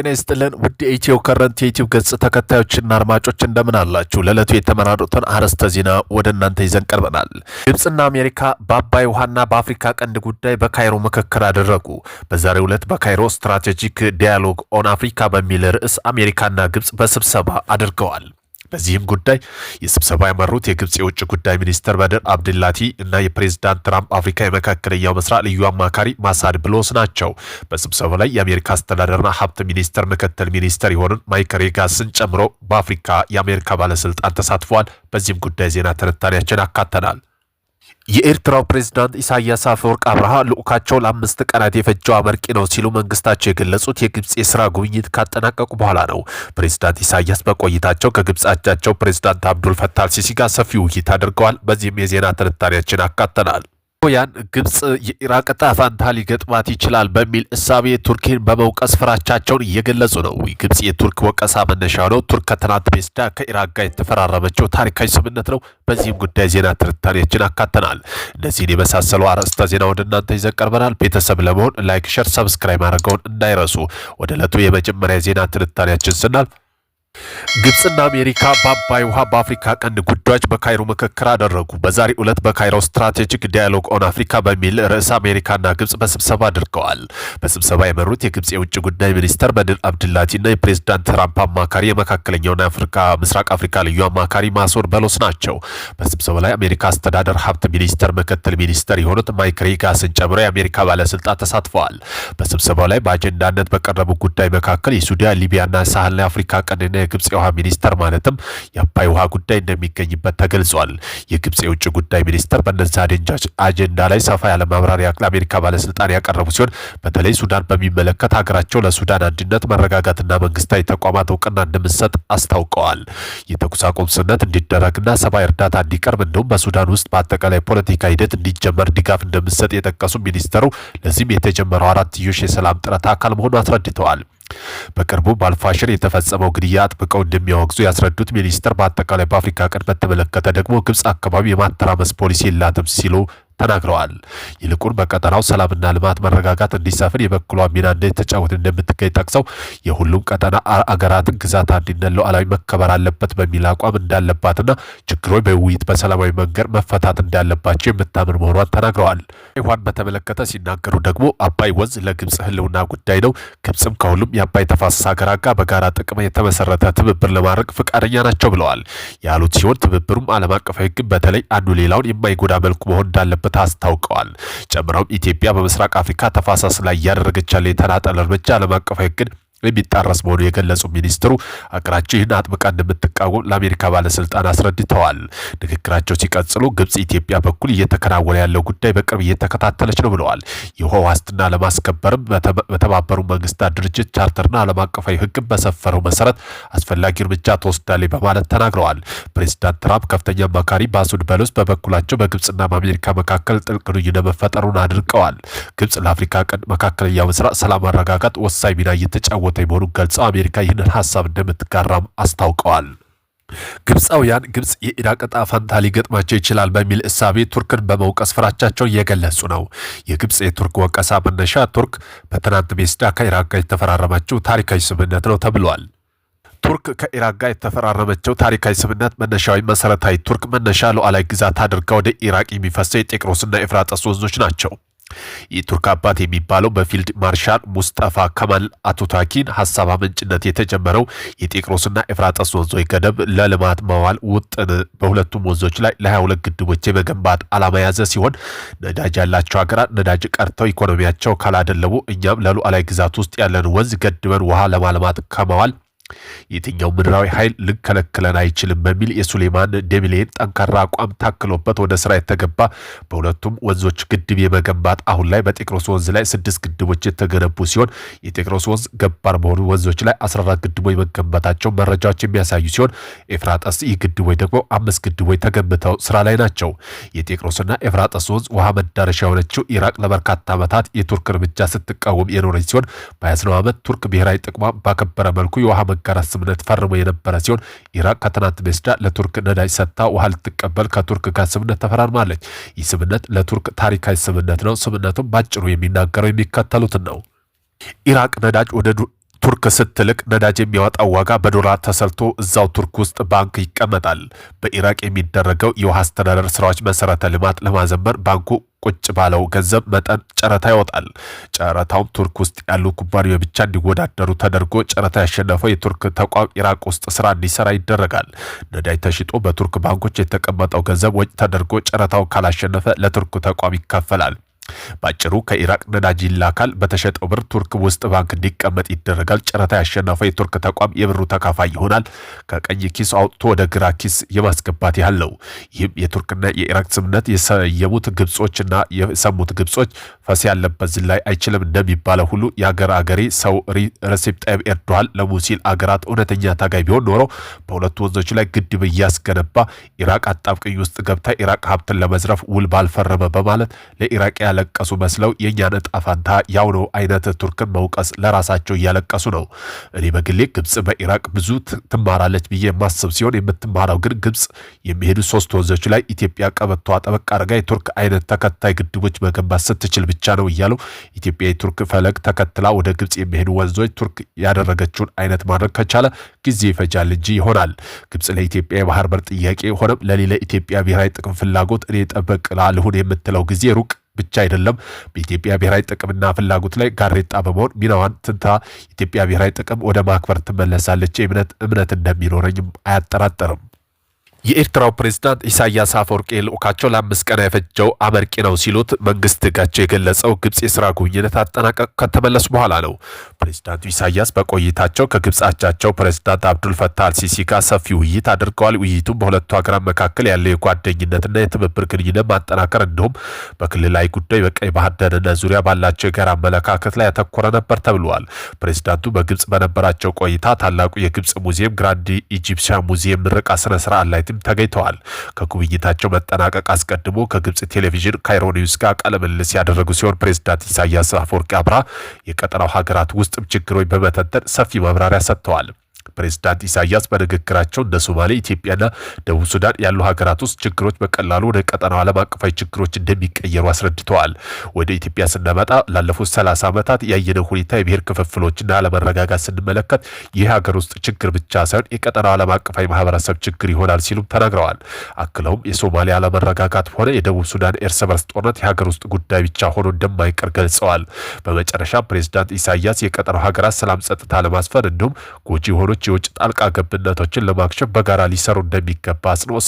ጤና ይስጥልን ውድ የኢትዮ ከረንት የዩቲዩብ ገጽ ተከታዮችና አድማጮች እንደምን አላችሁ? ለዕለቱ የተመራሩትን አርዕስተ ዜና ወደ እናንተ ይዘን ቀርበናል። ግብፅና አሜሪካ በአባይ ውሃና በአፍሪካ ቀንድ ጉዳይ በካይሮ ምክክር አደረጉ። በዛሬ ዕለት በካይሮ ስትራቴጂክ ዲያሎግ ኦን አፍሪካ በሚል ርዕስ አሜሪካና ግብፅ በስብሰባ አድርገዋል። በዚህም ጉዳይ የስብሰባ ያመሩት የግብፅ የውጭ ጉዳይ ሚኒስትር በድር አብድላቲ እና የፕሬዚዳንት ትራምፕ አፍሪካ የመካከለኛው ምስራቅ ልዩ አማካሪ ማሳድ ብሎስ ናቸው። በስብሰባው ላይ የአሜሪካ አስተዳደርና ሀብት ሚኒስትር ምክትል ሚኒስትር የሆኑን ማይክ ሬጋስን ጨምሮ በአፍሪካ የአሜሪካ ባለስልጣን ተሳትፏል። በዚህም ጉዳይ ዜና ትንታኔያችን አካተናል። የኤርትራው ፕሬዝዳንት ኢሳያስ አፈወርቅ አብርሃ ልዑካቸው ለአምስት ቀናት የፈጀው አመርቂ ነው ሲሉ መንግስታቸው የገለጹት የግብፅ የስራ ጉብኝት ካጠናቀቁ በኋላ ነው። ፕሬዚዳንት ኢሳያስ በቆይታቸው ከግብፅ አቻቸው ፕሬዝዳንት አብዱል ፈታል አልሲሲ ጋር ሰፊ ውይይት አድርገዋል። በዚህም የዜና ትንታኔያችን አካተናል። ሞሮኮውያን ግብፅ የኢራቅ ዕጣ ፈንታ ሊገጥማት ይችላል በሚል እሳቤ ቱርኪን በመውቀስ ፍራቻቸውን እየገለጹ ነው። ግብፅ የቱርክ ወቀሳ መነሻ ነው። ቱርክ ከትናንት በስቲያ ከኢራቅ ጋር የተፈራረመችው ታሪካዊ ስምምነት ነው። በዚህም ጉዳይ ዜና ትንታኔዎችን አካተናል። እነዚህን የመሳሰሉ አርዕስተ ዜና ወደ እናንተ ይዘን ቀርበናል። ቤተሰብ ለመሆን ላይክ፣ ሸር፣ ሰብስክራይብ ማድረገውን እንዳይረሱ። ወደ ዕለቱ የመጀመሪያ ዜና ትንታኔያችን ስናል ግብፅና አሜሪካ በአባይ ውሃ በአፍሪካ ቀንድ ጉዳዮች በካይሮ ምክክር አደረጉ። በዛሬው ዕለት በካይሮ ስትራቴጂክ ዲያሎግ ኦን አፍሪካ በሚል ርዕስ አሜሪካና ግብፅ በስብሰባ አድርገዋል። በስብሰባ የመሩት የግብፅ የውጭ ጉዳይ ሚኒስተር በድር አብድላቲና የፕሬዚዳንት ትራምፕ አማካሪ አፍሪካ ምስራቅ አፍሪካ ልዩ አማካሪ ማሶር በሎስ ናቸው። በስብሰባ ላይ አሜሪካ አስተዳደር ሀብት ሚኒስትር ምክትል ሚኒስትር የሆኑት ማይክ ሪጋስን ጨምሮ የአሜሪካ ባለስልጣን ተሳትፈዋል። በስብሰባው ላይ በአጀንዳነት በቀረቡ ጉዳይ መካከል የሱዳን ሊቢያና ሳህል አፍሪካ ቀንድና የግብፅ የውሃ ሚኒስተር ማለትም የአባይ ውሃ ጉዳይ እንደሚገኝበት ተገልጿል። የግብፅ የውጭ ጉዳይ ሚኒስተር በነዚህ አጀንዳ ላይ ሰፋ ያለ ማብራሪያ ለአሜሪካ ባለስልጣን ያቀረቡ ሲሆን በተለይ ሱዳን በሚመለከት ሀገራቸው ለሱዳን አንድነት መረጋጋትና መንግስታዊ ተቋማት እውቅና እንደምትሰጥ አስታውቀዋል። የተኩስ አቁም እንዲደረግና ሰብአዊ እርዳታ እንዲቀርብ እንዲሁም በሱዳን ውስጥ በአጠቃላይ ፖለቲካ ሂደት እንዲጀመር ድጋፍ እንደምትሰጥ የጠቀሱ ሚኒስተሩ ለዚህም የተጀመረው አራትዮሽ የሰላም ጥረት አካል መሆኑ አስረድተዋል። በቅርቡ ባልፋሽር የተፈጸመው ግድያ አጥብቀው እንደሚያወግዙ ያስረዱት ሚኒስትር በአጠቃላይ በአፍሪካ ቀንድ በተመለከተ ደግሞ ግብፅ አካባቢ የማተራመስ ፖሊሲ የላትም ሲሉ ተናግረዋል። ይልቁን በቀጠናው ሰላምና ልማት መረጋጋት እንዲሰፍን የበኩሏ ሚና እንደተጫወት እንደምትገኝ ጠቅሰው የሁሉም ቀጠና አገራትን ግዛት አንድነት፣ ሉዓላዊ መከበር አለበት በሚል አቋም እንዳለባትና ችግሮች በውይይት በሰላማዊ መንገድ መፈታት እንዳለባቸው የምታምር መሆኗን ተናግረዋል። ውሃን በተመለከተ ሲናገሩ ደግሞ አባይ ወንዝ ለግብፅ ህልውና ጉዳይ ነው። ግብፅም ከሁሉም የአባይ ተፋሰስ ሀገራት ጋር በጋራ ጥቅም የተመሰረተ ትብብር ለማድረግ ፈቃደኛ ናቸው ብለዋል ያሉት ሲሆን ትብብሩም ዓለም አቀፋዊ ሕግን በተለይ አንዱ ሌላውን የማይጎዳ መልኩ መሆን እንዳለበት እንዳለበት አስታውቀዋል። ጨምረውም ኢትዮጵያ በምስራቅ አፍሪካ ተፋሳስ ላይ እያደረገች ያለ የተናጠል እርምጃ ዓለም አቀፋዊ ሕግን የሚጣረስ መሆኑ የገለጹ ሚኒስትሩ አገራችን ይህን አጥብቃ እንደምትቃወም ለአሜሪካ ባለስልጣን አስረድተዋል። ንግግራቸው ሲቀጽሉ ግብጽ ኢትዮጵያ በኩል እየተከናወነ ያለው ጉዳይ በቅርብ እየተከታተለች ነው ብለዋል። የውሃ ዋስትና ለማስከበርም በተባበሩ መንግስታት ድርጅት ቻርተርና ዓለም አቀፋዊ ህግ በሰፈረው መሰረት አስፈላጊ እርምጃ ተወስዳለች በማለት ተናግረዋል። ፕሬዚዳንት ትራምፕ ከፍተኛ አማካሪ ማሱድ በሎስ በበኩላቸው በግብጽና በአሜሪካ መካከል ጥልቅ ግንኙነት መፈጠሩን አድንቀዋል። ግብጽ ለአፍሪካ ቀንድ መካከለኛ ምስራቅ ሰላም ማረጋጋት ወሳኝ ሚና እየተጫወ ቦታ መሆኑን ገልጸው አሜሪካ ይህንን ሀሳብ እንደምትጋራም አስታውቀዋል። ግብፃውያን ግብፅ የኢራቅ ዕጣ ፈንታ ሊገጥማቸው ይችላል በሚል እሳቤ ቱርክን በመውቀስ ፍራቻቸውን እየገለጹ ነው። የግብፅ የቱርክ ወቀሳ መነሻ ቱርክ በትናንት ሜስዳ ከኢራቅ ጋር የተፈራረመችው ታሪካዊ ስምምነት ነው ተብሏል። ቱርክ ከኢራቅ ጋር የተፈራረመችው ታሪካዊ ስምምነት መነሻዊ መሰረታዊ ቱርክ መነሻ ሉዓላዊ ግዛት አድርጋ ወደ ኢራቅ የሚፈሰው የጤቅሮስና ኤፍራጠስ ወንዞች ናቸው። የቱርክ አባት የሚባለው በፊልድ ማርሻል ሙስጠፋ ከማል አቶታኪን ሀሳብ አመንጭነት የተጀመረው የጤቅሮስና ኤፍራጠስ ወንዞች ገደብ ለልማት መዋል ውጥን በሁለቱም ወንዞች ላይ ለ22 ግድቦች የመገንባት አላማ የያዘ ሲሆን ነዳጅ ያላቸው ሀገራት ነዳጅ ቀርተው ኢኮኖሚያቸው ካላደለቡ እኛም ለሉዓላዊ ግዛት ውስጥ ያለን ወንዝ ገድበን ውሃ ለማልማት ከመዋል የትኛው ምድራዊ ኃይል ልንከለክለን አይችልም በሚል የሱሌማን ደቢሌን ጠንካራ አቋም ታክሎበት ወደ ስራ የተገባ በሁለቱም ወንዞች ግድብ የመገንባት አሁን ላይ በጤቅሮስ ወንዝ ላይ ስድስት ግድቦች የተገነቡ ሲሆን የጤቅሮስ ወንዝ ገባር በሆኑ ወንዞች ላይ 14 ግድቦች መገንባታቸው መረጃዎች የሚያሳዩ ሲሆን ኤፍራጠስ ይህ ግድቦች ደግሞ አምስት ግድቦች ተገንብተው ስራ ላይ ናቸው። የጤቅሮስና ኤፍራጠስ ወንዝ ውሃ መዳረሻ የሆነችው ኢራቅ ለበርካታ ዓመታት የቱርክ እርምጃ ስትቃወም የኖረች ሲሆን በያዝነው ዓመት ቱርክ ብሔራዊ ጥቅሟ ባከበረ መልኩ የውሃ የመጋራት ስምነት ፈርሞ የነበረ ሲሆን ኢራቅ ከትናንት በስቲያ ለቱርክ ነዳጅ ሰጥታ ውሃ ልትቀበል ከቱርክ ጋር ስምነት ተፈራርማለች። ይህ ስምነት ለቱርክ ታሪካዊ ስምነት ነው። ስምነቱም ባጭሩ የሚናገረው የሚከተሉትን ነው። ኢራቅ ነዳጅ ወደ ቱርክ ስትልቅ ነዳጅ የሚያወጣው ዋጋ በዶላር ተሰርቶ እዛው ቱርክ ውስጥ ባንክ ይቀመጣል። በኢራቅ የሚደረገው የውሃ አስተዳደር ስራዎች መሰረተ ልማት ለማዘመር ባንኩ ቁጭ ባለው ገንዘብ መጠን ጨረታ ይወጣል። ጨረታውም ቱርክ ውስጥ ያሉ ኩባንያዎች ብቻ እንዲወዳደሩ ተደርጎ ጨረታ ያሸነፈው የቱርክ ተቋም ኢራቅ ውስጥ ስራ እንዲሰራ ይደረጋል። ነዳጅ ተሽጦ በቱርክ ባንኮች የተቀመጠው ገንዘብ ወጪ ተደርጎ ጨረታው ካላሸነፈ ለቱርክ ተቋም ይከፈላል። በአጭሩ ከኢራቅ ነዳጅ ይላካል። በተሸጠው ብር ቱርክ ውስጥ ባንክ እንዲቀመጥ ይደረጋል። ጨረታ ያሸነፈው የቱርክ ተቋም የብሩ ተካፋይ ይሆናል። ከቀኝ ኪስ አውጥቶ ወደ ግራ ኪስ የማስገባት ያህል ነው። ይህም የቱርክና የኢራቅ ስምነት የሰየሙት ግብጾችና የሰሙት ግብጾች ፈስ ያለበት ዝላይ አይችልም እንደሚባለው ሁሉ የአገር አገሬ ሰው ረሴፕ ጣይብ ኤርዶዋን ለሙሲል አገራት እውነተኛ ታጋይ ቢሆን ኖሮ በሁለቱ ወንዞች ላይ ግድብ እያስገነባ ኢራቅ አጣብቅኝ ውስጥ ገብታ ኢራቅ ሀብትን ለመዝረፍ ውል ባልፈረመ በማለት ለኢራቅ ያለ ያለቀሱ መስለው የእኛን ዕጣ ፈንታ ያው ነው አይነት ቱርክን መውቀስ ለራሳቸው እያለቀሱ ነው። እኔ በግሌ ግብፅ በኢራቅ ብዙ ትማራለች ብዬ የማስብ ሲሆን የምትማራው ግን ግብፅ የሚሄዱ ሶስት ወንዞች ላይ ኢትዮጵያ ቀበቷ ጠበቅ አድርጋ የቱርክ አይነት ተከታይ ግድቦች መገንባት ስትችል ብቻ ነው እያሉ ኢትዮጵያ የቱርክ ፈለግ ተከትላ ወደ ግብፅ የሚሄዱ ወንዞች ቱርክ ያደረገችውን አይነት ማድረግ ከቻለ ጊዜ ይፈጃል እንጂ ይሆናል። ግብፅ ለኢትዮጵያ የባህር በር ጥያቄ ሆነም ለሌላ ኢትዮጵያ ብሔራዊ ጥቅም ፍላጎት እኔ ጠበቅ ላልሁን የምትለው ጊዜ ሩቅ ብቻ አይደለም በኢትዮጵያ ብሔራዊ ጥቅምና ፍላጎት ላይ ጋሬጣ በመሆን ሚናዋን ትንታ ኢትዮጵያ ብሔራዊ ጥቅም ወደ ማክበር ትመለሳለች። እምነት እምነት እንደሚኖረኝም አያጠራጠርም። የኤርትራው ፕሬዝዳንት ኢሳያስ አፈወርቂ ልዑካቸው ለአምስት ቀን የፈጀው አመርቂ ነው ሲሉት መንግስት ጋቸው የገለጸው ግብፅ የስራ ጉብኝነት አጠናቀቅ ከተመለሱ በኋላ ነው። ፕሬዝዳንቱ ኢሳያስ በቆይታቸው ከግብፅ አቻቸው ፕሬዝዳንት አብዱል ፈታህ አልሲሲ ጋር ሰፊ ውይይት አድርገዋል። ውይይቱም በሁለቱ ሀገራት መካከል ያለው የጓደኝነትና የትብብር ግንኙነት ማጠናከር እንዲሁም በክልላዊ ጉዳይ በቀይ ባህር ደህንነት ዙሪያ ባላቸው የጋራ አመለካከት ላይ ያተኮረ ነበር ተብለዋል። ፕሬዝዳንቱ በግብፅ በነበራቸው ቆይታ ታላቁ የግብፅ ሙዚየም ግራንድ ኢጂፕሽያን ሙዚየም ምረቃ ስነስርዓት ላይ ውጤትም ተገኝተዋል። ከጉብኝታቸው መጠናቀቅ አስቀድሞ ከግብፅ ቴሌቪዥን ካይሮ ኒውስ ጋር ቃለ ምልልስ ያደረጉ ሲሆን ፕሬዚዳንት ኢሳያስ አፈወርቂ አብራ የቀጠናው ሀገራት ውስጥም ችግሮች በመተንተን ሰፊ ማብራሪያ ሰጥተዋል። ፕሬዚዳንት ኢሳያስ በንግግራቸው እንደ ሶማሌ፣ ኢትዮጵያና ደቡብ ሱዳን ያሉ ሀገራት ውስጥ ችግሮች በቀላሉ ወደ ቀጠናው ዓለም አቀፋዊ ችግሮች እንደሚቀየሩ አስረድተዋል። ወደ ኢትዮጵያ ስናመጣ ላለፉት ሰላሳ ዓመታት ያየነው ሁኔታ የብሔር ክፍፍሎችና አለመረጋጋት ስንመለከት ይህ ሀገር ውስጥ ችግር ብቻ ሳይሆን የቀጠናው ዓለም አቀፋዊ ማህበረሰብ ችግር ይሆናል ሲሉም ተናግረዋል። አክለውም የሶማሌ አለመረጋጋት ሆነ የደቡብ ሱዳን እርስ በርስ ጦርነት የሀገር ውስጥ ጉዳይ ብቻ ሆኖ እንደማይቀር ገልጸዋል። በመጨረሻ ፕሬዚዳንት ኢሳያስ የቀጠናው ሀገራት ሰላም ጸጥታ ለማስፈን እንዲሁም ጎጂ የሆኖች የውጭ ጣልቃ ገብነቶችን ለማክሸፍ በጋራ ሊሰሩ እንደሚገባ አጽንኦት